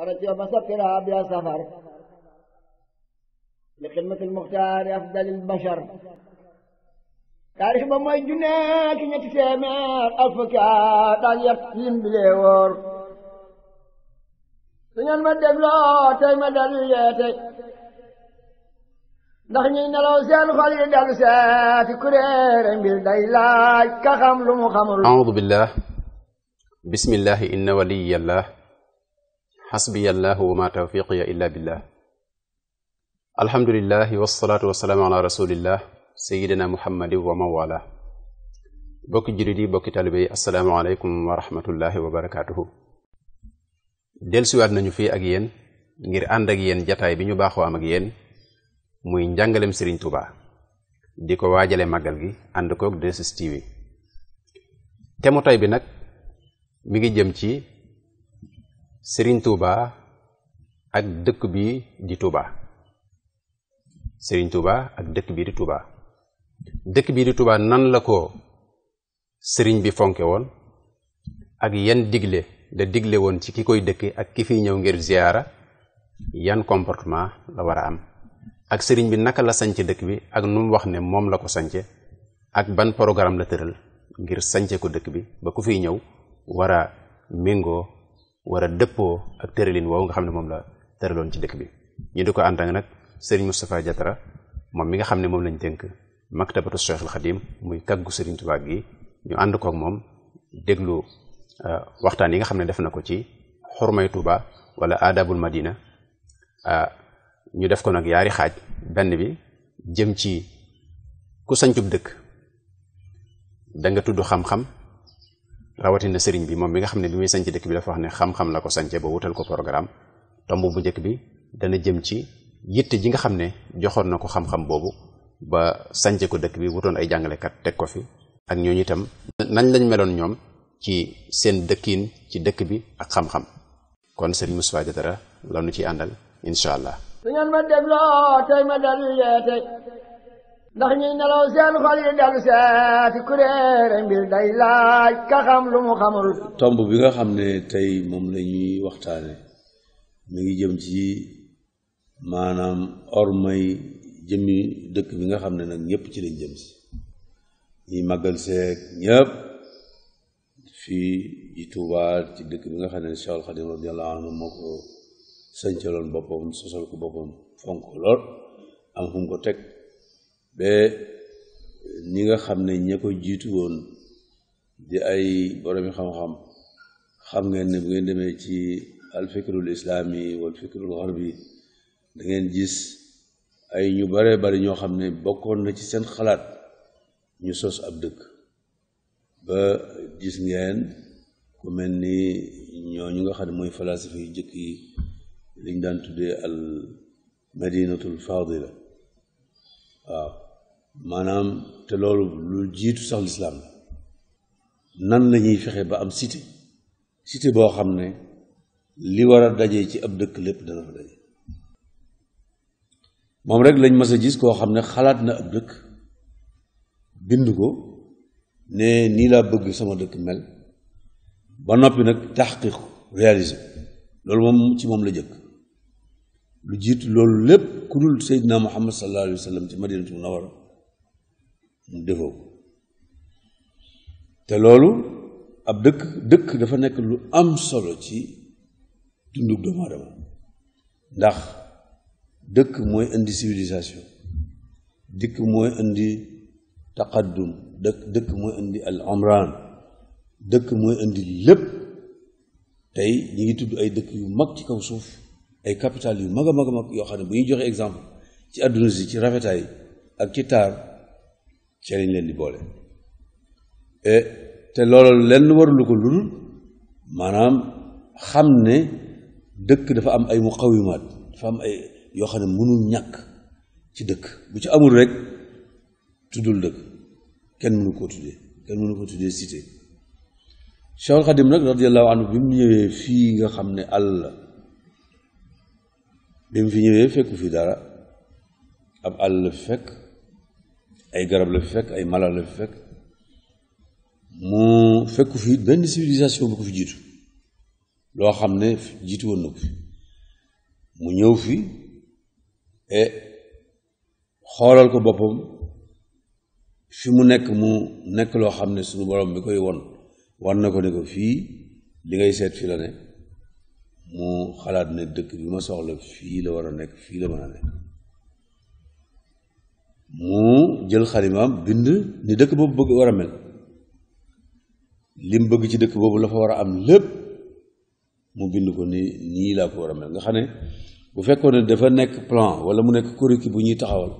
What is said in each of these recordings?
أردت بسطرها بلا سفر لخدمة المختار أفضل البشر taarix ba mooy junne ki ñetti téeméer alfakaat ak yat lim bi lee wóor su ngeen ma dégloo tey ma dalu yeete ndax ñuy nelaw seen xol yi dalu seeti kuréere mbir laaj ka xam lu mu xamul audu billah bismillahi inna waliyallah xasbiya allahu wa ma tawfiqiya illa billah alhamdulilah wasalaatu wasalaamu ala rasulillah sayidina muhammadin wa mawala bokki jurit yi bokki talibe yi asalaamaaleykum wa rahmatullahi wa barakaatuhu dellusiwaat nañu fii ak yéen ngir ànd ak yéen jataay bi ñu baax am ak yéen muy njàngalem Serigne Touba di ko waajale màggal gi ànd koog 2STV te mu tey bi nag mi ngi jëm ci sëriñ tuuba ak dëkk bi di tuuba sëriñ tuuba ak dëkk bi di tuuba dëkk bi di tuuba nan la ko sëriñ bi fonke woon ak yan digle la digle woon ci ki koy dëkke ak ki fi ñëw ngir ziyaara yan comportement la war a am ak sëriñ bi naka la sañc dëkk bi ak nu mu wax ne moom la ko sañce ak ban programme la tëral ngir sañce ko dëkk bi ba ku fiy ñëw war a war dëppoo ak tëralin woowu nga xam ne moom la tëraloon ci dëkk bi ñu di ko ànd ak nag sëriñ Moustapha Diatara moom bi nga xam ne moom lañ dénk maktabatu Cheikh al Xadim muy kàggu sëriñ Tuubaa gi ñu ànd kook moom déglu euh, waxtaan yi nga xam ne def na ko ci xormay Tuubaa wala aadabul Madina euh, ñu def ko nag yaari xaaj benn bi jëm ci ku sañcub dëkk da nga tudd xam-xam rawatina sëriñ bi moom bi nga xam ne bi muy sanc dëkk bi dafa wax ne xam-xam la ko sance ba wutal ko programme tomb bu njëkk bi dana jëm ci yitte ji nga xam ne joxoon na ko xam-xam boobu ba sance ko dëkk bi wutoon ay jàngalekat teg ko fi ak ñooñu itam nañ lañ meloon ñoom ci seen dëkkiin ci dëkk bi ak xam-xam kon sëriñ Moustapha dara la nu ci àndal incha allah. su ngeen ma dégloo tey ma dal tey ndax ñuy nelaw seen xol yi dellu seeti kuréere mbir day laaj ka xam lu mu xamul tomb bi nga xam ne tey moom la ñuy waxtaane mi ngi jëm ci maanaam ormay jëmmi dëkk bi nga xam ne nag ñëpp ci lañ jëm si ñuy màggal seeg ñëpp fii ci Tuuba ci dëkk bi nga xam ne Seexul Xadiim radiyallaahu anhu ko sëncaloon boppam sosal ko boppam fonk lool am fu mu ko teg ba ñi nga xam ne ña ko jiitu woon di ay boromi xam-xam xam ngeen ne bu ngeen demee ci alfikrul islaami wal fikrul xarbi da ngeen gis ay ñu bare bari ñoo xam ne bokkoon na ci seen xalaat ñu sos ab dëkk ba gis ngeen ku mel ni ñooñu nga xam ne mooy falaasifa yu jëkk yi liñ daan tuddee al madinatul fadila waaw maanaam te loolu lu jiitu sax lislaam la nan la ñuy fexe ba am cité cité boo xam ne li war a daje ci ab dëkk lépp dana fa daje moom rek lañ mas a gis koo xam ne xalaat na ab dëkk bind ko ne nii laa bëgg sama dëkk mel ba noppi nag taxqiq réalisé loolu moom ci moom la jëkk lu jiitu loolu lépp ku dul seydina muhammad sallallahu alayhi wa sallam ci madinatu munawara mu te loolu ab dëkk dëkk dafa nekk lu am solo ci dundug doomu aadama ndax dëkk mooy indi civilisation dëkk mooy indi taqaddum dëkk dëkk mooy indi al omran dëkk mooy indi lépp tey ñi ngi tudd ay dëkk yu mag ci kaw suuf ay capital yu mag a mag yoo xam ne bu ñuy joxe exemple ci àdduna ci rafetaay ak ci taar ci lañ leen di boole e, te loolu lenn warulu ko lu dul maanaam xam ne dëkk dafa am ay muqawimaat dafa am ay yoo xam ne mënul ñakk ci dëkk bu ci amul rek tuddul dëkk kenn mënu koo tuddee kenn mënu koo tuddee cité Cheikhul Xadim nag radiyallahu anhu bi mu ñëwee fii nga xam ne àll la bi mu fi ñëwee fekku fi dara ab àll la fekk ay garab la fi fekk ay mala la fi fekk mu fekk fi benn civilisation bu ko fi jiitu loo xam ne jiitu woon na ko fi mu ñëw fi e xoolal ko boppam fi mu nekk mu nekk loo xam ne suñu borom bi koy won wan na ko ne ko fii li ngay seet fi la ne mu xalaat ne dëkk bi ma soxla fii la war a nekk fii la mën a nekk mu jël xalimaam bind ni dëkk boobu bëgg war a mel lim bëgg ci dëkk boobu la fa war a am lépp mu bind ko ni nii laa ko war a mel nga xam ne bu fekkoon ne dafa nekk plan wala mu nekk kuriki bu ñuy taxawal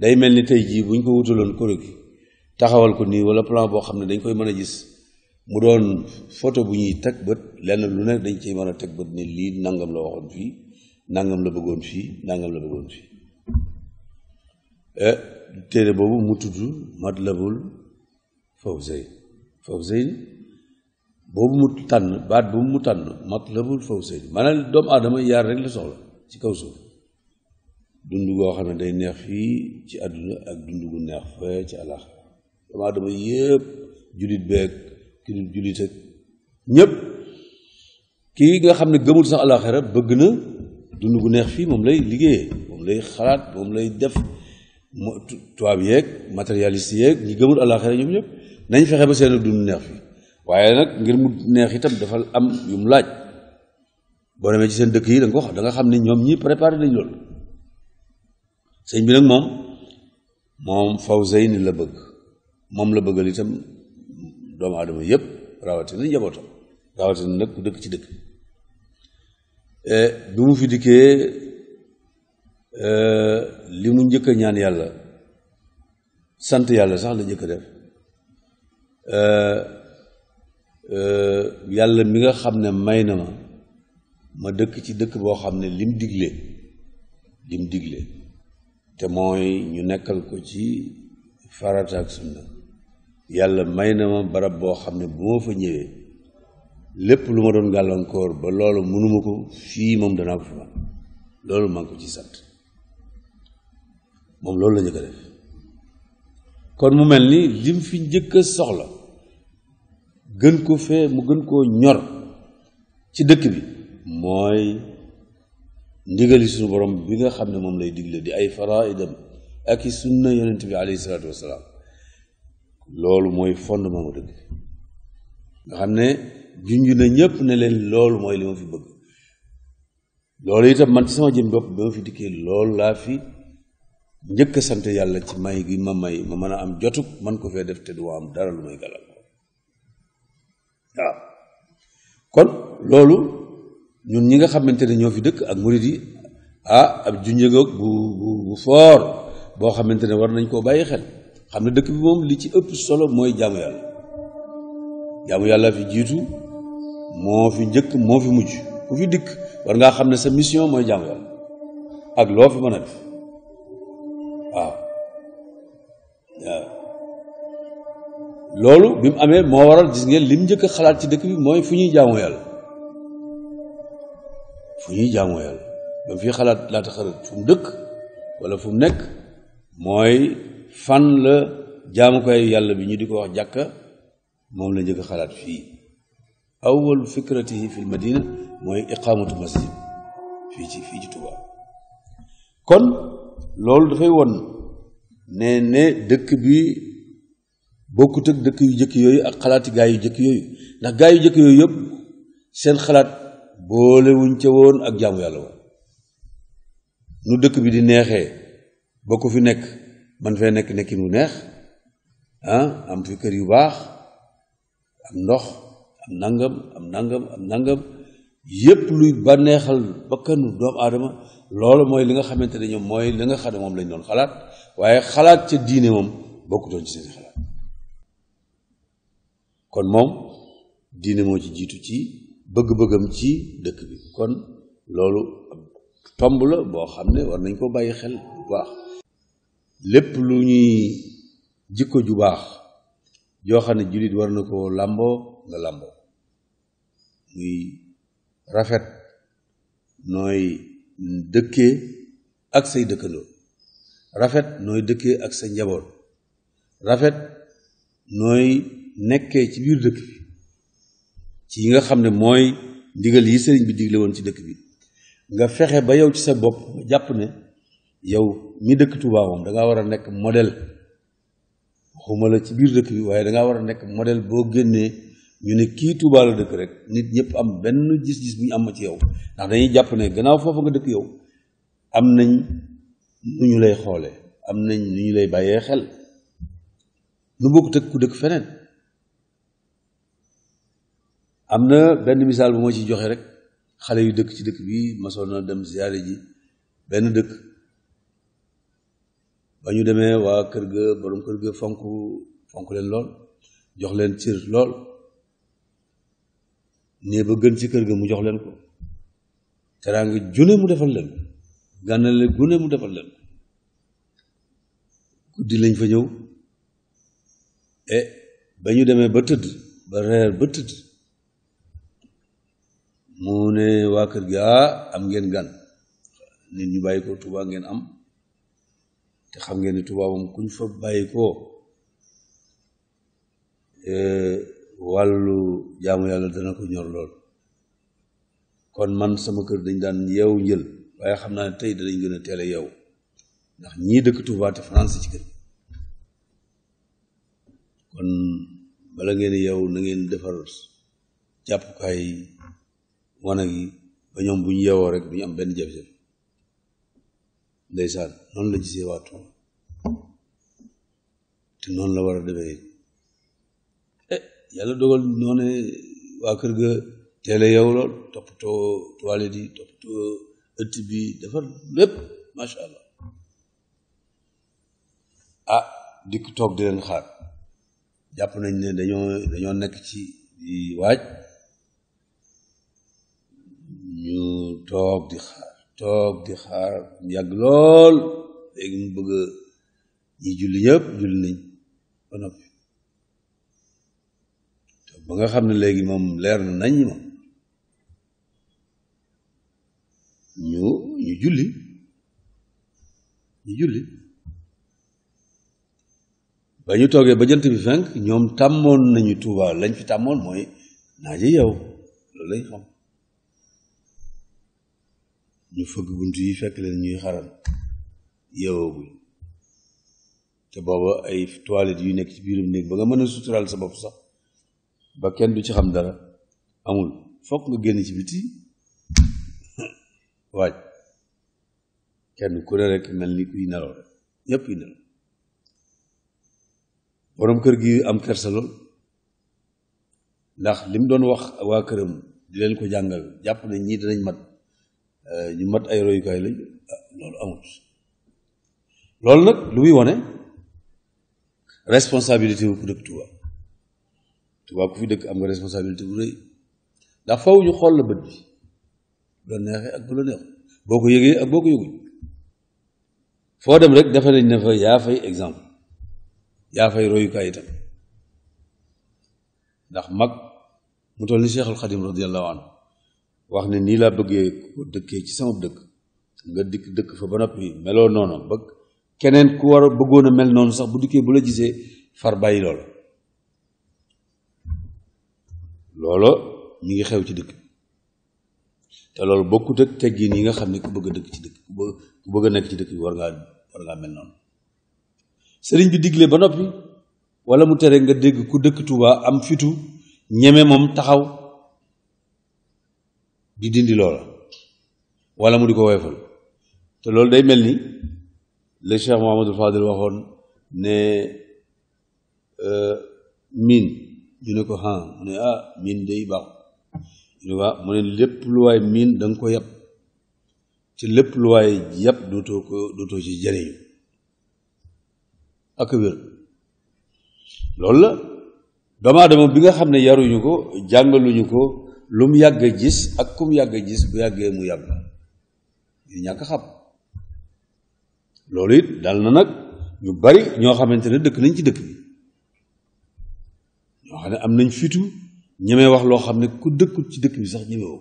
day mel ni tey jii bu ñu ko wutaloon kuriki taxawal ko nii wala plan boo xam ne dañ koy mën a gis mu doon photo bu ñuy teg bët lenn lu nekk dañ cey mën a teg bët ne lii nangam la waxoon fii nangam la bëggoon fii nangam la bëggoon fii E, téere boobu mu tudd Matlabul Fawzayn Fawzayn boobu mu tànn baat boobu mu tànn Matlabul Fawzayn maanaam doomu aadama yaar rek la soxla ci kaw suuf dund goo xam ne day neex fii ci àdduna ak dund gu neex fee ci àllax doomu aadama yëpp jullit beeg ki dul jullit ak ñëpp kii nga xam ne gëmul sax àllaxira bëgg na dund gu neex fii moom lay liggéeyee moom lay xalaat moom lay def mu tubaab yeeg matérialiste yeeg ñi gëmul àllaaxira ñoom ñëpp nañ fexe ba seen dund neex fi waaye nag ngir mu neex itam dafal am yu laaj boo demee ci seen dëkk yi da ko wax xam ni ñoom ñi préparé nañ loolu sëñ bi nag moom moom Fawzayni la bëgg moom la bëggal itam doomu adama yëpp rawatina njabootam rawatina nag ku dëkk ci dëkk bi eh, mu fi dikkee Euh, li mu njëkk ñaan yàlla sant yàlla sax la njëkk a def euh, euh, yàlla mi nga xam ne may na ma ma dëkk ci dëkk boo xam ne lim digle lim digle te mooy ñu nekkal ko ci farata ak sunna yàlla may na ma barab boo xam ne bu ma fa ñëwee lépp lu ma doon gàllankoor ba loolu mënuma ko fii moom danaa ko fa loolu maa ko ci sant moom loolu la njëkk def kon mu mel ni lim fi njëkk a soxla gën ko fee mu gën koo ñor ci dëkk bi mooy ndigali suñu borom bi nga xam ne moom lay digle di ay faraidam ak i sunna yonent bi alayhi salaatu wasalaam loolu mooy fondement mu dëkk nga xam ne junj na ñépp ne leen loolu mooy li ma fi bëgg loolu itam man ci sama jëm bopp bi ma fi dikkee loolu laa fi njëkk a sant yàlla ci may gi ma may ma mën a am jotug man ko fee def te du am dara lu may gàllankoor waaw kon loolu ñun ñi nga xamante ne ñoo fi dëkk ak murid yi ah ab junjëgoog bu bu bu foor boo xamante ne war nañ koo bàyyi xel xam ne dëkk bi moom li ci ëpp solo mooy jaamu yàlla jaamu yàlla fi jiitu moo fi njëkk moo fi mujj ku fi dikk war ngaa xam ne sa mission mooy jaamu yàlla ak loo fi mën a def loolu bi mu amee moo waral gis ngeen lim njëkk xalaat ci dëkk bi mooy fu ñuy jaamoo yàlla fu ñuy jaamoo yàlla ba mu fi xalaat laata xalaat fu fum dëkk wala fu nekk mooy fan la jaamukaay yàlla bi ñu di ko wax jàkka moom la njëkk xalaat fii awwal fikratihi fil madina mooy iqaamatu masjid fii ci fii ci Tuubaa kon loolu dafay won ne ne dëkk bi bokkut ak dëkk yu jëkk yooyu ak xalaati gaa yu jëkk ndax gaa yu jëkk yooyu yëpp seen xalaat boolewuñ ca woon ak jaamu yàlla woon nu dëkk bi di neexee ba ko fi nekk man fee nekk nekkin wu neex ah am fi kër yu baax am ndox am nangam am nangam am nangam yépp luy bànneexal bakkanu doomu aadama loolu mooy li nga xamante ne ñoom mooy li nga xam ne moom lañ doon xalaat waaye xalaat ca diine moom bokkutoon ci seen xalaat kon moom diine moo ci jiitu ci bëgg-bëggam ci dëkk bi kon loolu tomb la boo xam ne war nañ koo bàyyi xel bu baax lépp lu ñuy jikko ju baax yoo xam ne jullit war na ko làmboo nga làmboo muy rafet nooy dëkkee ak say dëkkandoo rafet nooy dëkkee ak sa njaboot rafet nooy nekkee ci biir dëkk bi ci yi nga xam ne mooy ndigal yi sëriñ bi digle woon ci dëkk bi nga fexe ba yow ci sa bopp nga jàpp ne yow mi dëkk Tuubaa moom war a nekk modèle waxuma la ci biir dëkk bi waaye da ngaa war a nekk modèle boo génnee ñu ne kii Tuubaa dëkk rek nit ñëpp am benn gis-gis bu ñu am ci yow ndax dañuy jàpp ne gannaaw foofu nga dëkk yow am nañ nu ñu lay xoole am nañ nu ñu lay bàyyee xel lu bokkut ak ku dëkk feneen. am na benn misaal bu ma ci joxe rek xale yu dëkk ci dëkk bi masoon na dem ziyaare ji benn dëkk ba ñu demee waa kër ga borom kër ga fonk fonk leen lool jox leen cër lool nee ba gën ci kër ga mu jox leen ko teraanga june mu defal mu defal leen guddi lañ fa ñëw eh, ba ñu demee ba tëdd ba reer ba tëdd mu ne waa kër gi ah am ngeen gan nit ñu bàyyi ko Tuubaa ngeen am te xam ngeen ni Tuubaa moom kuñ fa bàyyi ko eh, wàllu jaamu yàlla dana ko ñor lool kon man sama kër dañ daan yeew njël waaye xam naa ne tey danañ gën a teel a ndax ñii dëkk Tuubaa te France ci kër kon bala ngeen yeew na ngeen jàpp jàppukaay wanag yi ba ñoom bu ñu rek du ñu am benn jafe-jafe ndeysaan noonu la gisee waa tool te noonu la war a demee eh yàlla dogal noone waa ga teel a yeewu lool toppatoo toilette yi toppatoo ëtt bi defar lépp macha allah ah dikk toog di leen xaar jàpp nañ ne dañoo dañoo nekk ci waaj toog di xaar toog di xaar yàgg lool léegi mu bëgg ñi julli yëpp julli nañ ba noppi te ba nga xam ne léegi moom leer na nañ moom ñu ñu julli ñu julli ba ñu toogee ba jant bi fenk ñoom tàmmoon nañu tuuba lañ fi tàmmoon mooy naaje yow loolu lañ xam ñu fëgg bunt yi fekk leen ñuy xaram yeewooguñ te booba ay toilette yu nekk ci biirum néeg ba nga mën a suturaal sa bopp sax ba kenn du ci xam dara amul fokk nga génn ci biti waaj kenn ku ne rek mel ni kuy nelaw rek ñëpp yi nelaw borom kër gi am kersa ndax li mu doon wax waa këram di leen ko jàngal jàpp ne ñii danañ mat Euh, ñu mat ay royukaay lañ loolu amut loolu nag lu muy wane responsabilité bu ku dëkk Touba Touba ku fi dëkk am nga responsabilité rëy ndax faw ñu xool la bët bi bu neexee ak bu la neexul boo ko yëgee ak boo ko yëguñ foo dem rek defe nañ ne fa yaa fay exemple yaa fay royukaay itam ndax mag mu toll ni Cheikhul Xadim radiyallahu anhu wax ne nii laa bëggee ko dëkkee ci sama dëkk nga dikk dëkk fa ba noppi meloo noonu ba keneen ku war a bëggoon mel noonu sax bu dikkee bu la gisee far bàyyi loolu loolo ñu ngi xew ci dëkk te loolu bokkut ak teggin yi nga xam ne ku bëgg a dëkk ci dëkk ku bëgg a nekk ci dëkk bi war ngaa mel noonu sëriñ bi digle ba noppi wala mu tere nga dégg ku dëkk Tuuba am fitu ñeme moom taxaw di dindi loola wala mu di ko woyfal te loolu day mel ni le Cheikh Mouhamadul Fadil waxoon ne euh, miin ñu ne ko ah ne ah miin day baax ñu ne waaw ah, mu ne lépp lu miin da ko yàpp te lépp lu waay yàpp dootoo ko dootoo ci jëriñu ak wér loolu la doomu aadama bi nga xam ne yaruñu ko jàngaluñu ko lu yàgg a gis ak ku yàgg a gis bu yàggee mu yàgg ñu ñàkk xam loolu it dal na nag ñu bari ñoo xamante ne dëkk nañ ci dëkk bi ñoo xam ne am nañ fitu ñemee wax loo xam ne ku dëkkut ci dëkk bi sax ñemewoo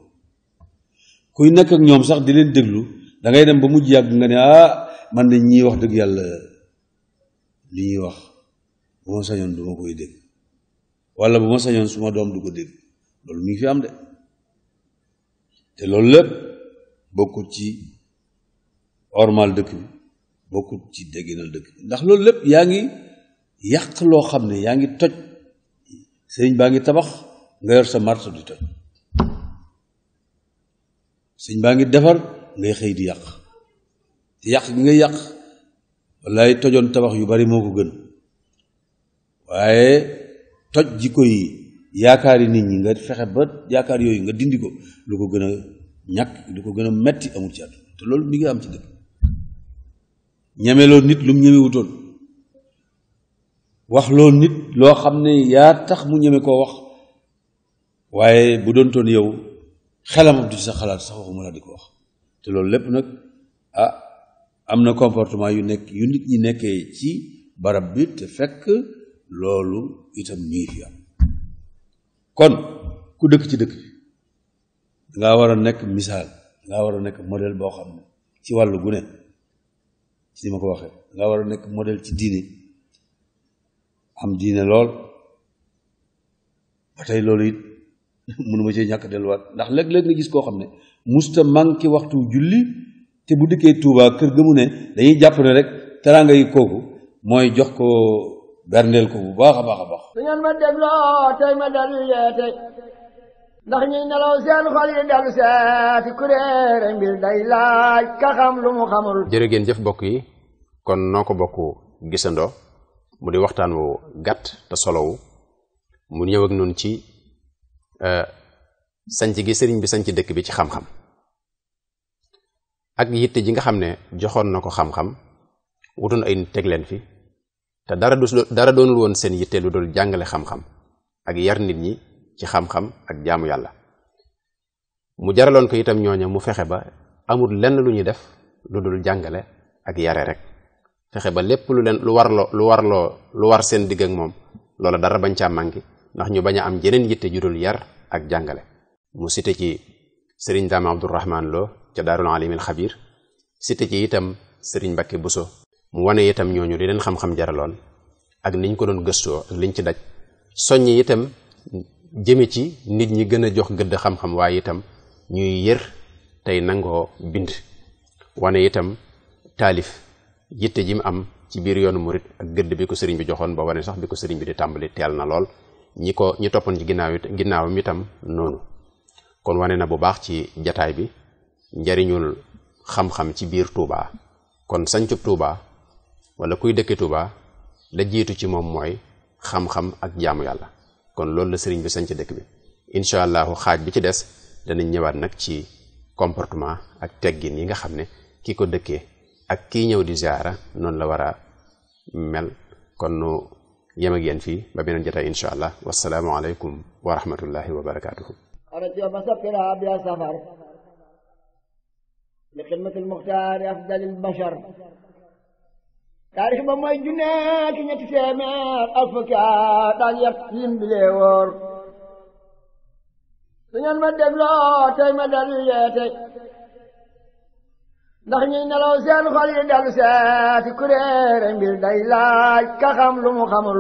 kuy nekk ak ñoom sax di leen déglu dangay dem ba mujj yàgg nga ne ah man de ñii wax dëgg yàlla li ñuy wax bu ma sañoon du koy dégg wala bu ma sañoon suma doom du ko dégg loolu mi ngi fi am de te loolu lépp bokkut ci ormal dëkk bi bokkut ci dégginal dëkk bi ndax loolu lépp yaa ngi yàq loo xam ne yaa ngi toj sëriñ baa ngi tabax nga yor sa marto di toj sëriñ baa ngi defar ngay xëy di yàq te yàq gi nga yàq wallaay tojoon tabax yu bari moo ko gën waaye toj jikko yi yaakaari nit ñi nga fexe ba yaakaar yooyu nga dindi ko lu ko gën a ñàkk lu ko gën a metti amul ci àdduna te loolu mi ngi am nit lu mu ñemewutoon wax loolu nit loo xam ne yaa tax mu ñeme koo wax waaye bu doon toon yow xelam du sa xalaat sax waxuma di ko wax te loolu lépp nag ah am na comportement yu nekk yu nit ñi nekkee ci barab bi te fekk loolu itam ñii fi am kon ku dëkk ci dëkk bi war a nekk misaal dangaa war a nekk modèle boo xam ne ci wàllu gune ci ma ko waxee dangaa war a nekk modèle ci diine am diine lool ba tey loolu it mënuma cee ñàkk delluwaat ndax léeg-léeg nga gis koo xam ne musta manqué waxtu julli te bu dikkee Tuubaa kër ga mu ne dañuy jàpp ne rek teraanga yi kooku mooy jox ko berndeel ko bu baax a baax su ngeen ma dégloo tey ma dellu yeete ndax ñuy nelaw seen xol yi dellu seeti kuréere mbir day laaj ka xam lu mu xamul jërë jëf bokk yi kon noo ko bokk gisandoo mu di waxtaan wu gàtt te solowu mu ñëw ak noonu ci euh, sanc gi sëriñ bi sanc dëkk bi ci xam-xam ak yitte ji nga xam ne joxoon na ko xam-xam wutoon ay nit teg leen fi te dara du dara doonul woon seen yitte lu dul jàngale xam-xam ak yar nit ñi ci xam-xam ak jaamu yàlla mu jaraloon ko itam ñooña mu fexe ba amul lenn lu ñuy def lu dul jàngale ak yare rek fexe ba lépp lu leen lu warloo lu warloo lu war seen digg moom loola dara bañ caa màngi ndax ñu bañ am jeneen yitte ju dul yar ak jàngale mu cité ci sëriñ daam abdurahmaan loo ca daarul alimil xabir cité ci itam sëriñ mbakke buso wane itam ñooñu li leen xam-xam jaraloon ak niñ ko doon gëstoo ak liñ ci daj soññ itam jëme ci nit ñi gën a jox gëdd xam-xam waaye itam ñuy yër tey nangoo bind wane itam taalif yitte ji mu am ci biir yoonu murit ak gëdd bi ko sëriñ bi joxoon ba wane sax bi ko sëriñ bi di tàmbali teel na lool ñi ko ñi toppoon ci ginnaaw ginnaawam itam noonu kon wane na bu baax ci jataay bi njariñul xam-xam ci biir tuubaa kon sañcub Touba wala kuy dëkke Tuuba la jiitu ci moom mooy xam-xam ak jaamu yàlla kon loolu la sëriñ bi sanc dëkk bi incha allahu xaaj bi ci des danañ ñëwaat nag ci comportement ak teggin yi nga xam ne ki ko dëkkee ak kii ñëw di ziara noonu la war a mel kon nu yem fii ba beneen jotaay incha allah wasalaamu aleykum wa rahmatullahi wa barakaatuhu أرجو مسافرها بلا taarix ba mooy junneek ñetti téeméer ak fukki at yim bilee su ngeen ma dégloo tey ma dal yeete ndax ñuy nelaw seen xol yi dal seeti kuréere mbir day laaj ka xam lu mu xamul